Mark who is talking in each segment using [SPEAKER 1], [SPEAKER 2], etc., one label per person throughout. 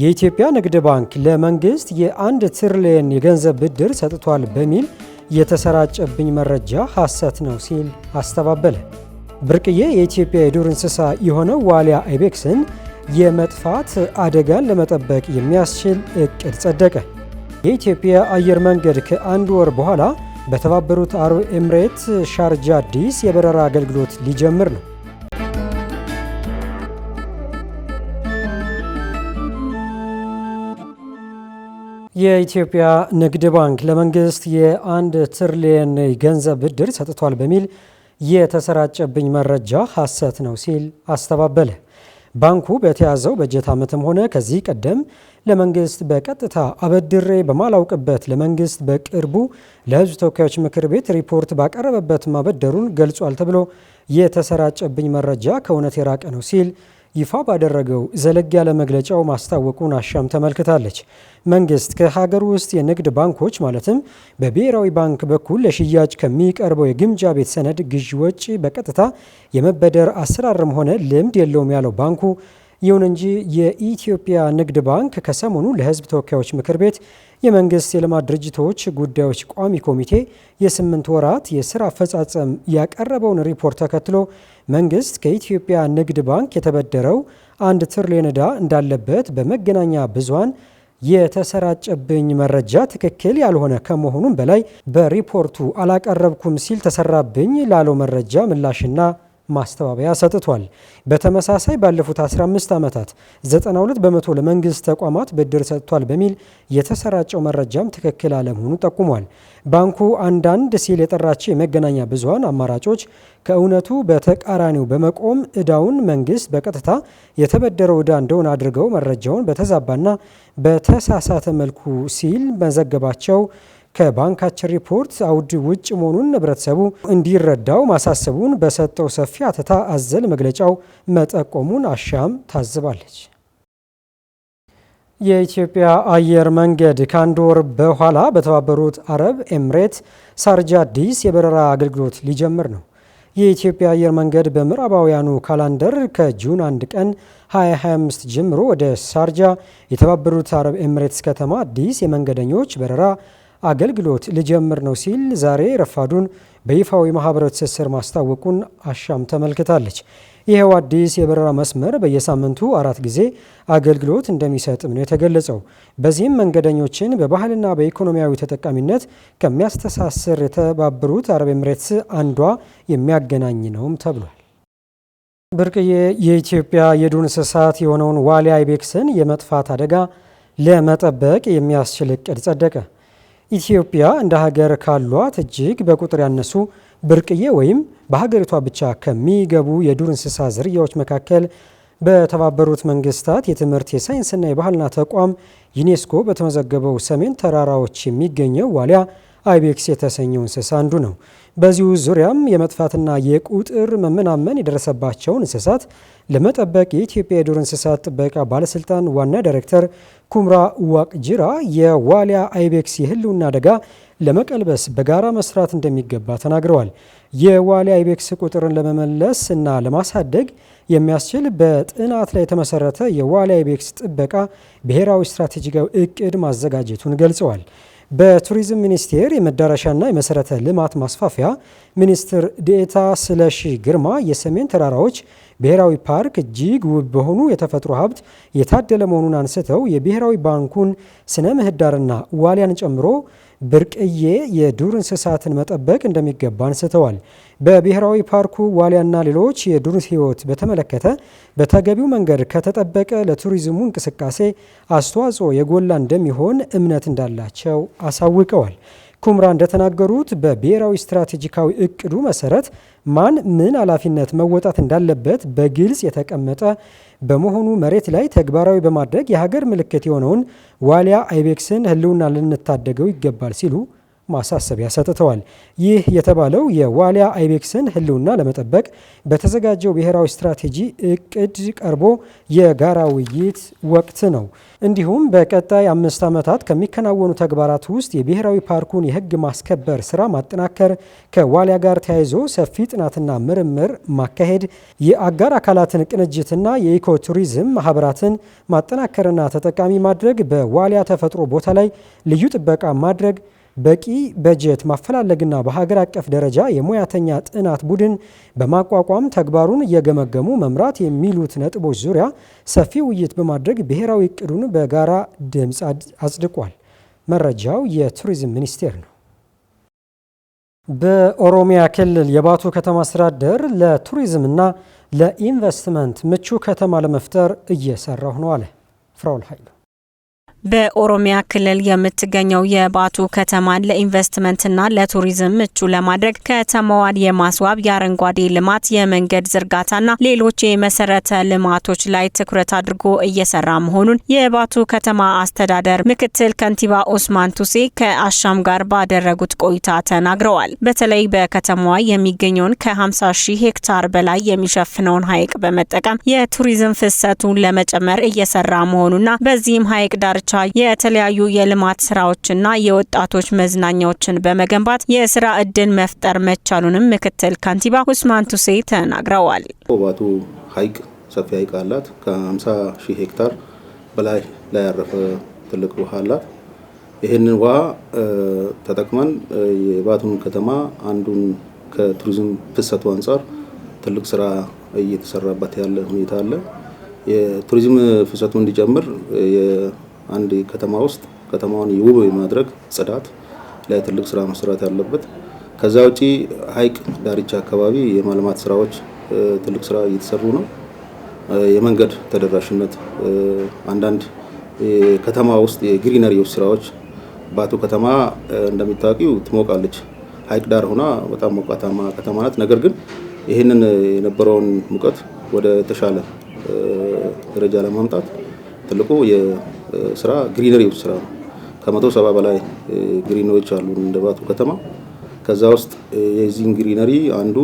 [SPEAKER 1] የኢትዮጵያ ንግድ ባንክ ለመንግስት የአንድ ትሪሊየን የገንዘብ ብድር ሰጥቷል በሚል የተሰራጨብኝ መረጃ ሐሰት ነው ሲል አስተባበለ። ብርቅዬ የኢትዮጵያ የዱር እንስሳ የሆነው ዋሊያ አይቤክስን የመጥፋት አደጋን ለመጠበቅ የሚያስችል እቅድ ጸደቀ። የኢትዮጵያ አየር መንገድ ከአንድ ወር በኋላ በተባበሩት አረብ ኤምሬት ሻርጃ አዲስ የበረራ አገልግሎት ሊጀምር ነው። የኢትዮጵያ ንግድ ባንክ ለመንግስት የአንድ ትሪሊየን ገንዘብ ብድር ሰጥቷል በሚል የተሰራጨብኝ መረጃ ሐሰት ነው ሲል አስተባበለ። ባንኩ በተያዘው በጀት ዓመትም ሆነ ከዚህ ቀደም ለመንግስት በቀጥታ አበድሬ በማላውቅበት ለመንግስት በቅርቡ ለሕዝብ ተወካዮች ምክር ቤት ሪፖርት ባቀረበበት ማበደሩን ገልጿል ተብሎ የተሰራጨብኝ መረጃ ከእውነት የራቀ ነው ሲል ይፋ ባደረገው ዘለግ ያለ መግለጫው ማስታወቁን አሻም ተመልክታለች። መንግስት ከሀገር ውስጥ የንግድ ባንኮች ማለትም በብሔራዊ ባንክ በኩል ለሽያጭ ከሚቀርበው የግምጃ ቤት ሰነድ ግዢ ወጪ በቀጥታ የመበደር አሰራርም ሆነ ልምድ የለውም ያለው ባንኩ ይሁን እንጂ የኢትዮጵያ ንግድ ባንክ ከሰሞኑ ለሕዝብ ተወካዮች ምክር ቤት የመንግስት የልማት ድርጅቶች ጉዳዮች ቋሚ ኮሚቴ የስምንት ወራት የስራ አፈጻጸም ያቀረበውን ሪፖርት ተከትሎ መንግስት ከኢትዮጵያ ንግድ ባንክ የተበደረው አንድ ትሪሊዮን ዕዳ እንዳለበት በመገናኛ ብዙሃን የተሰራጨብኝ መረጃ ትክክል ያልሆነ ከመሆኑም በላይ በሪፖርቱ አላቀረብኩም ሲል ተሰራብኝ ላለው መረጃ ምላሽና ማስተባበያ ሰጥቷል። በተመሳሳይ ባለፉት 15 ዓመታት 92 በመቶ ለመንግስት ተቋማት ብድር ሰጥቷል በሚል የተሰራጨው መረጃም ትክክል አለመሆኑ ጠቁሟል። ባንኩ አንዳንድ ሲል የጠራቸው የመገናኛ ብዙሃን አማራጮች ከእውነቱ በተቃራኒው በመቆም እዳውን መንግስት በቀጥታ የተበደረው እዳ እንደሆነ አድርገው መረጃውን በተዛባና በተሳሳተ መልኩ ሲል መዘገባቸው ከባንካችን ሪፖርት አውድ ውጭ መሆኑን ህብረተሰቡ እንዲረዳው ማሳሰቡን በሰጠው ሰፊ አተታ አዘል መግለጫው መጠቆሙን አሻም ታዝባለች። የኢትዮጵያ አየር መንገድ ከአንድ ወር በኋላ በተባበሩት አረብ ኤምሬት ሳርጃ አዲስ የበረራ አገልግሎት ሊጀምር ነው። የኢትዮጵያ አየር መንገድ በምዕራባውያኑ ካላንደር ከጁን 1 ቀን 2025 ጀምሮ ወደ ሳርጃ የተባበሩት አረብ ኤምሬትስ ከተማ አዲስ የመንገደኞች በረራ አገልግሎት ልጀምር ነው ሲል ዛሬ ረፋዱን በይፋዊ ማህበራዊ ትስስር ማስታወቁን አሻም ተመልክታለች። ይኸው አዲስ የበረራ መስመር በየሳምንቱ አራት ጊዜ አገልግሎት እንደሚሰጥም ነው የተገለጸው። በዚህም መንገደኞችን በባህልና በኢኮኖሚያዊ ተጠቃሚነት ከሚያስተሳስር የተባበሩት አረብ ኤምሬትስ አንዷ የሚያገናኝ ነውም ተብሏል። ብርቅዬ የኢትዮጵያ የዱር እንስሳት የሆነውን ዋልያ አይቤክስን የመጥፋት አደጋ ለመጠበቅ የሚያስችል እቅድ ጸደቀ። ኢትዮጵያ እንደ ሀገር ካሏት እጅግ በቁጥር ያነሱ ብርቅዬ ወይም በሀገሪቷ ብቻ ከሚገቡ የዱር እንስሳ ዝርያዎች መካከል በተባበሩት መንግስታት የትምህርት የሳይንስና የባህልና ተቋም ዩኔስኮ በተመዘገበው ሰሜን ተራራዎች የሚገኘው ዋሊያ አይቤክስ የተሰኘው እንስሳ አንዱ ነው። በዚሁ ዙሪያም የመጥፋትና የቁጥር መመናመን የደረሰባቸውን እንስሳት ለመጠበቅ የኢትዮጵያ የዱር እንስሳት ጥበቃ ባለስልጣን ዋና ዳይሬክተር ኩምራ ዋቅጅራ የዋሊያ አይቤክስ የህልውና አደጋ ለመቀልበስ በጋራ መስራት እንደሚገባ ተናግረዋል። የዋሊያ አይቤክስ ቁጥርን ለመመለስ እና ለማሳደግ የሚያስችል በጥናት ላይ የተመሰረተ የዋሊያ አይቤክስ ጥበቃ ብሔራዊ ስትራቴጂካዊ እቅድ ማዘጋጀቱን ገልጸዋል። በቱሪዝም ሚኒስቴር የመዳረሻና የመሰረተ ልማት ማስፋፊያ ሚኒስትር ዴኤታ ስለሺ ግርማ የሰሜን ተራራዎች ብሔራዊ ፓርክ እጅግ ውብ በሆኑ የተፈጥሮ ሀብት የታደለ መሆኑን አንስተው የብሔራዊ ባንኩን ስነ ምህዳርና ዋሊያን ጨምሮ ብርቅዬ የዱር እንስሳትን መጠበቅ እንደሚገባ አንስተዋል። በብሔራዊ ፓርኩ ዋሊያና ሌሎች የዱር ሕይወት በተመለከተ በተገቢው መንገድ ከተጠበቀ ለቱሪዝሙ እንቅስቃሴ አስተዋጽኦ የጎላ እንደሚሆን እምነት እንዳላቸው አሳውቀዋል። ኩምራ እንደተናገሩት በብሔራዊ ስትራቴጂካዊ እቅዱ መሰረት ማን ምን ኃላፊነት መወጣት እንዳለበት በግልጽ የተቀመጠ በመሆኑ መሬት ላይ ተግባራዊ በማድረግ የሀገር ምልክት የሆነውን ዋሊያ አይቤክስን ህልውና ልንታደገው ይገባል ሲሉ ማሳሰቢያ ሰጥተዋል። ይህ የተባለው የዋሊያ አይቤክስን ሕልውና ለመጠበቅ በተዘጋጀው ብሔራዊ ስትራቴጂ እቅድ ቀርቦ የጋራ ውይይት ወቅት ነው። እንዲሁም በቀጣይ አምስት ዓመታት ከሚከናወኑ ተግባራት ውስጥ የብሔራዊ ፓርኩን የህግ ማስከበር ስራ ማጠናከር፣ ከዋሊያ ጋር ተያይዞ ሰፊ ጥናትና ምርምር ማካሄድ፣ የአጋር አካላትን ቅንጅትና የኢኮ ቱሪዝም ማህበራትን ማጠናከርና ተጠቃሚ ማድረግ፣ በዋሊያ ተፈጥሮ ቦታ ላይ ልዩ ጥበቃ ማድረግ በቂ በጀት ማፈላለግና በሀገር አቀፍ ደረጃ የሙያተኛ ጥናት ቡድን በማቋቋም ተግባሩን እየገመገሙ መምራት የሚሉት ነጥቦች ዙሪያ ሰፊ ውይይት በማድረግ ብሔራዊ እቅዱን በጋራ ድምፅ አጽድቋል። መረጃው የቱሪዝም ሚኒስቴር ነው። በኦሮሚያ ክልል የባቱ ከተማ አስተዳደር ለቱሪዝምና ለኢንቨስትመንት ምቹ ከተማ ለመፍጠር እየሰራሁ ነው አለ ፍራውል ኃይሉ።
[SPEAKER 2] በኦሮሚያ ክልል የምትገኘው የባቱ ከተማን ለኢንቨስትመንትና ለቱሪዝም ምቹ ለማድረግ ከተማዋን የማስዋብ የአረንጓዴ ልማት፣ የመንገድ ዝርጋታና ሌሎች የመሰረተ ልማቶች ላይ ትኩረት አድርጎ እየሰራ መሆኑን የባቱ ከተማ አስተዳደር ምክትል ከንቲባ ኦስማን ቱሴ ከአሻም ጋር ባደረጉት ቆይታ ተናግረዋል። በተለይ በከተማዋ የሚገኘውን ከ50 ሺህ ሄክታር በላይ የሚሸፍነውን ሐይቅ በመጠቀም የቱሪዝም ፍሰቱን ለመጨመር እየሰራ መሆኑና በዚህም ሐይቅ ዳርቻ የተለያዩ የልማት ስራዎችና የወጣቶች መዝናኛዎችን በመገንባት የስራ እድል መፍጠር መቻሉንም ምክትል ከንቲባ ኡስማን ቱሴ ተናግረዋል።
[SPEAKER 3] ባቱ ሀይቅ ሰፊ ሀይቅ አላት። ከ50 ሺህ ሄክታር በላይ ላይ ያረፈ ትልቅ ውሃ አላት። ይህንን ውሃ ተጠቅመን የባቱን ከተማ አንዱን ከቱሪዝም ፍሰቱ አንጻር ትልቅ ስራ እየተሰራበት ያለ ሁኔታ አለ። የቱሪዝም ፍሰቱ እንዲጨምር አንድ ከተማ ውስጥ ከተማውን ውብ የማድረግ ጽዳት ላይ ትልቅ ስራ መስራት ያለበት። ከዛ ውጪ ሀይቅ ዳርቻ አካባቢ የማልማት ስራዎች ትልቅ ስራ እየተሰሩ ነው። የመንገድ ተደራሽነት፣ አንዳንድ ከተማ ውስጥ የግሪነሪ ስራዎች ባቱ ከተማ እንደሚታወቂው ትሞቃለች። ሀይቅ ዳር ሆና በጣም ሞቃታማ ከተማ ናት። ነገር ግን ይህንን የነበረውን ሙቀት ወደ ተሻለ ደረጃ ለማምጣት ትልቁ ስራ ግሪነሪዎች ስራ ነው። ከመቶ ሰባ በላይ ግሪነሪዎች አሉ እንደባቱ ከተማ። ከዛ ውስጥ የዚህን ግሪነሪ አንዱ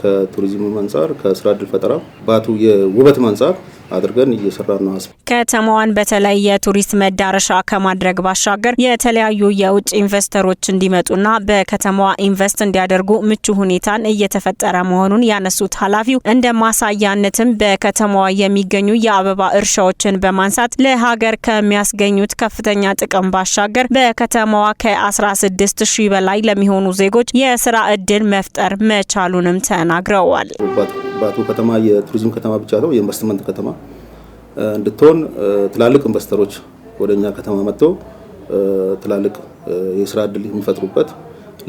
[SPEAKER 3] ከቱሪዝም አንጻር ከስራ እድል ፈጠራ ባቱ የውበት አንጻር አድርገን እየሰራ ነው።
[SPEAKER 2] ከተማዋን በተለይ የቱሪስት መዳረሻ ከማድረግ ባሻገር የተለያዩ የውጭ ኢንቨስተሮች እንዲመጡና በከተማዋ ኢንቨስት እንዲያደርጉ ምቹ ሁኔታን እየተፈጠረ መሆኑን ያነሱት ኃላፊው እንደ ማሳያነትም በከተማዋ የሚገኙ የአበባ እርሻዎችን በማንሳት ለሀገር ከሚያስገኙት ከፍተኛ ጥቅም ባሻገር በከተማዋ ከ16 ሺህ በላይ ለሚሆኑ ዜጎች የስራ እድል መፍጠር መቻሉንም ተናግረዋል።
[SPEAKER 3] ባቱ ከተማ የቱሪዝም ከተማ ብቻ ነው የኢንቨስትመንት ከተማ እንድትሆን ትላልቅ ኢንቨስተሮች ወደ እኛ ከተማ መጥተው ትላልቅ የስራ እድል የሚፈጥሩበት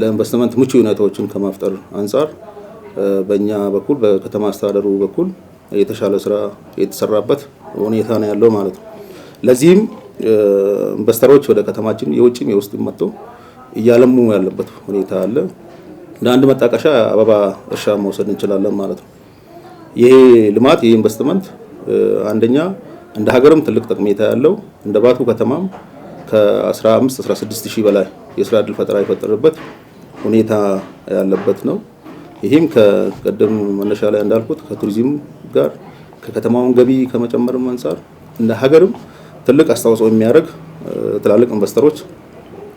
[SPEAKER 3] ለኢንቨስትመንት ምቹ ሁኔታዎችን ከማፍጠር አንጻር በእኛ በኩል በከተማ አስተዳደሩ በኩል የተሻለ ስራ የተሰራበት ሁኔታ ነው ያለው ማለት ነው። ለዚህም ኢንቨስተሮች ወደ ከተማችን የውጭም የውስጥም መጥቶ እያለሙ ያለበት ሁኔታ አለ። እንደ አንድ መጣቀሻ አበባ እርሻ መውሰድ እንችላለን ማለት ነው። ይሄ ልማት ይሄ ኢንቨስትመንት አንደኛ እንደ ሀገርም ትልቅ ጠቀሜታ ያለው እንደ ባቱ ከተማም ከ15 16 ሺህ በላይ የስራ ዕድል ፈጠራ የፈጠረበት ሁኔታ ያለበት ነው። ይህም ከቀደም መነሻ ላይ እንዳልኩት ከቱሪዝም ጋር ከከተማውን ገቢ ከመጨመርም አንጻር እንደ ሀገርም ትልቅ አስተዋጽኦ የሚያደርግ ትላልቅ ኢንቨስተሮች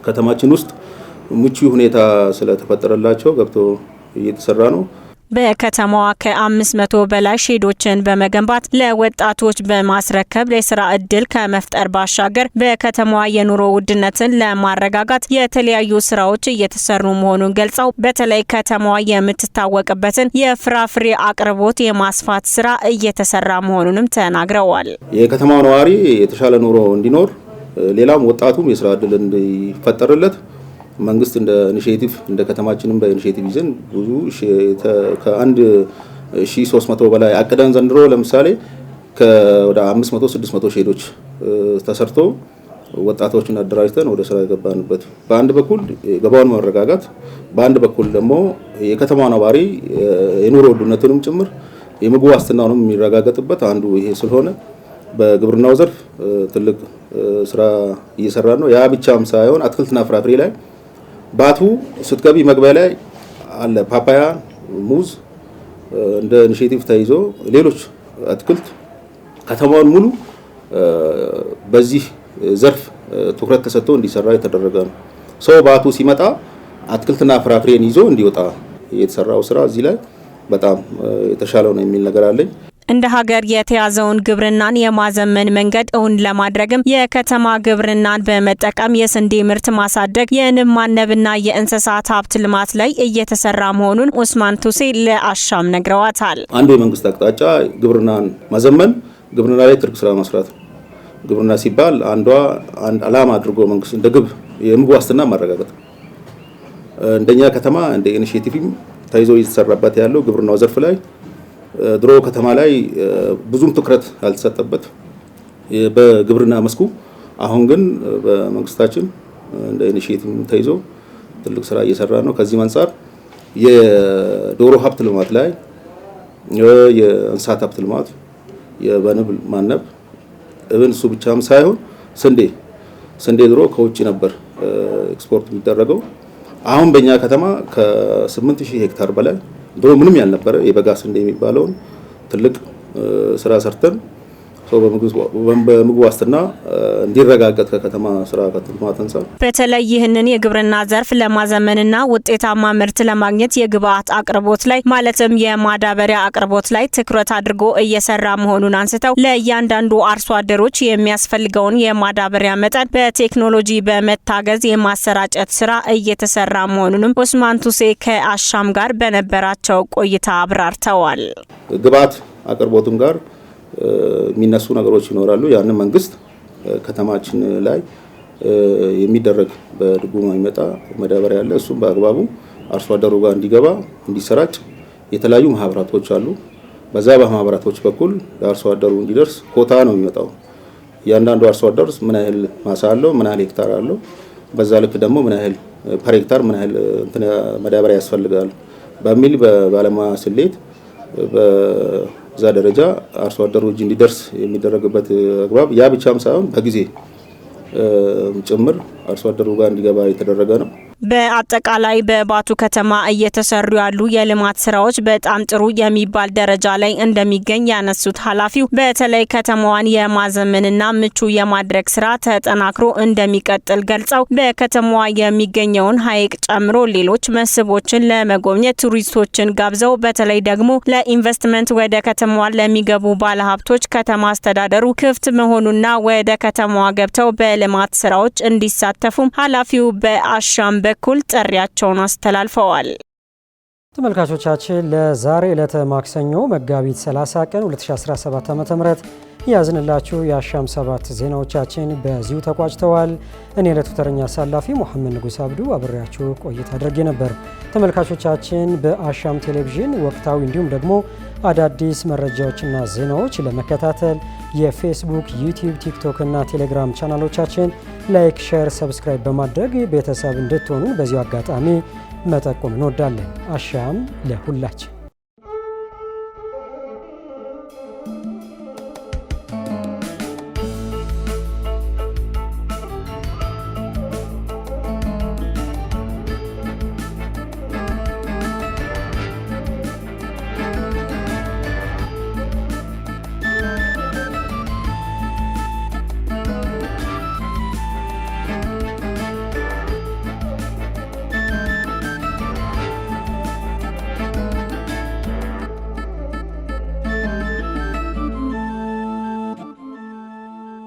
[SPEAKER 3] ከተማችን ውስጥ ምቹ ሁኔታ ስለተፈጠረላቸው ገብቶ እየተሰራ ነው።
[SPEAKER 2] በከተማዋ ከ መቶ በላይ ሼዶችን በመገንባት ለወጣቶች በማስረከብ የስራ እድል ከመፍጠር ባሻገር በከተማዋ የኑሮ ውድነትን ለማረጋጋት የተለያዩ ስራዎች እየተሰሩ መሆኑን ገልጸው በተለይ ከተማዋ የምትታወቅበትን የፍራፍሬ አቅርቦት የማስፋት ስራ እየተሰራ መሆኑንም ተናግረዋል።
[SPEAKER 3] የከተማው ነዋሪ የተሻለ ኑሮ እንዲኖር ሌላም ወጣቱም የስራ እድል እንዲፈጠርለት መንግስት እንደ ኢኒሼቲቭ እንደ ከተማችንም በኢኒሼቲቭ ይዘን ብዙ ከአንድ ሺ ሶስት መቶ በላይ አቅደን ዘንድሮ ለምሳሌ ወደ አምስት መቶ ስድስት መቶ ሼዶች ተሰርቶ ወጣቶችን አደራጅተን ወደ ስራ የገባንበት በአንድ በኩል ገባውን መረጋጋት፣ በአንድ በኩል ደግሞ የከተማ ነዋሪ የኑሮ ውድነትንም ጭምር የምግብ ዋስትናውንም የሚረጋገጥበት አንዱ ይሄ ስለሆነ በግብርናው ዘርፍ ትልቅ ስራ እየሰራ ነው። ያ ብቻም ሳይሆን አትክልትና ፍራፍሬ ላይ ባቱ ስትገቢ መግቢያ ላይ አለ ፓፓያ፣ ሙዝ እንደ ኢኒሼቲቭ ተይዞ ሌሎች አትክልት ከተማውን ሙሉ በዚህ ዘርፍ ትኩረት ተሰጥቶ እንዲሰራ የተደረገ ነው። ሰው ባቱ ሲመጣ አትክልትና ፍራፍሬን ይዞ እንዲወጣ የተሰራው ስራ እዚህ ላይ በጣም የተሻለው ነው የሚል ነገር አለኝ።
[SPEAKER 2] እንደ ሀገር የተያዘውን ግብርናን የማዘመን መንገድ እውን ለማድረግም የከተማ ግብርናን በመጠቀም የስንዴ ምርት ማሳደግ፣ የንብ ማነብና የእንስሳት ሀብት ልማት ላይ እየተሰራ መሆኑን ኡስማን ቱሴ ለአሻም ነግረዋታል።
[SPEAKER 3] አንዱ የመንግስት አቅጣጫ ግብርናን ማዘመን፣ ግብርና ላይ ትርክ ስራ መስራት ነው። ግብርና ሲባል አንዷ አላማ አድርጎ መንግስት እንደ ግብ የምግብ ዋስትና ማረጋገጥ እንደኛ ከተማ እንደ ኢኒሽቲቭም ተይዞ እየተሰራበት ያለው ግብርናው ዘርፍ ላይ ድሮ ከተማ ላይ ብዙም ትኩረት ያልተሰጠበት በግብርና መስኩ። አሁን ግን በመንግስታችን እንደ ኢኒሽቲቭ ተይዞ ትልቅ ስራ እየሰራ ነው። ከዚህም አንጻር የዶሮ ሀብት ልማት ላይ የእንስሳት ሀብት ልማት የበንብ ማነብ እብን እሱ ብቻም ሳይሆን ስንዴ ስንዴ ድሮ ከውጭ ነበር ኤክስፖርት የሚደረገው። አሁን በእኛ ከተማ ከ8000 ሄክታር በላይ ድሮ ምንም ያልነበረ የበጋ ስንዴ የሚባለውን ትልቅ ስራ ሰርተን በምግብ ዋስትና እንዲረጋገጥ ከከተማ ስራ ከተማ ተንሳ
[SPEAKER 2] በተለይ ይህንን የግብርና ዘርፍ ለማዘመንና ውጤታማ ምርት ለማግኘት የግብአት አቅርቦት ላይ ማለትም የማዳበሪያ አቅርቦት ላይ ትኩረት አድርጎ እየሰራ መሆኑን አንስተው ለእያንዳንዱ አርሶ አደሮች የሚያስፈልገውን የማዳበሪያ መጠን በቴክኖሎጂ በመታገዝ የማሰራጨት ስራ እየተሰራ መሆኑንም ኡስማን ቱሴ ከአሻም ጋር በነበራቸው ቆይታ አብራርተዋል።
[SPEAKER 3] ግብአት አቅርቦቱም ጋር የሚነሱ ነገሮች ይኖራሉ። ያንን መንግስት ከተማችን ላይ የሚደረግ በድጎማ የሚመጣ መዳበሪያ ያለ እሱም በአግባቡ አርሶ አደሩ ጋር እንዲገባ እንዲሰራጭ የተለያዩ ማህበራቶች አሉ። በዛ በማህበራቶች በኩል ለአርሶ አደሩ እንዲደርስ ኮታ ነው የሚመጣው። እያንዳንዱ አርሶ አደር ምን ያህል ማሳ አለው፣ ምን ያህል ሄክታር አለው፣ በዛ ልክ ደግሞ ምን ያህል ፐር ሄክታር ምን ያህል መዳበሪያ ያስፈልጋል በሚል በባለሙያ ስሌት እዛ ደረጃ አርሶ አደሩ እጅ እንዲደርስ የሚደረግበት አግባብ ያ ብቻም ሳይሆን በጊዜ ጭምር አርሶ አደሩ ጋር እንዲገባ የተደረገ ነው።
[SPEAKER 2] በአጠቃላይ በባቱ ከተማ እየተሰሩ ያሉ የልማት ስራዎች በጣም ጥሩ የሚባል ደረጃ ላይ እንደሚገኝ ያነሱት ኃላፊው በተለይ ከተማዋን የማዘመንና ምቹ የማድረግ ስራ ተጠናክሮ እንደሚቀጥል ገልጸው በከተማዋ የሚገኘውን ሐይቅ ጨምሮ ሌሎች መስህቦችን ለመጎብኘት ቱሪስቶችን ጋብዘው በተለይ ደግሞ ለኢንቨስትመንት ወደ ከተማዋ ለሚገቡ ባለሀብቶች ከተማ አስተዳደሩ ክፍት መሆኑና ወደ ከተማዋ ገብተው በልማት ስራዎች እንዲሳተፉም ኃላፊው በአሻምበ በኩል ጥሪያቸውን አስተላልፈዋል።
[SPEAKER 1] ተመልካቾቻችን ለዛሬ ዕለተ ማክሰኞ መጋቢት 30 ቀን 2017 ዓ ም ያዝንላችሁ የአሻም ሰባት ዜናዎቻችን በዚሁ ተቋጭተዋል። እኔ ዕለቱ ተረኛ አሳላፊ ሙሐመድ ንጉስ አብዱ አብሬያችሁ ቆይታ አድርጌ ነበር። ተመልካቾቻችን በአሻም ቴሌቪዥን ወቅታዊ እንዲሁም ደግሞ አዳዲስ መረጃዎችና ዜናዎች ለመከታተል የፌስቡክ፣ ዩቲዩብ፣ ቲክቶክ እና ቴሌግራም ቻናሎቻችን ላይክ፣ ሼር፣ ሰብስክራይብ በማድረግ ቤተሰብ እንድትሆኑ በዚሁ አጋጣሚ መጠቆም እንወዳለን። አሻም ለሁላችን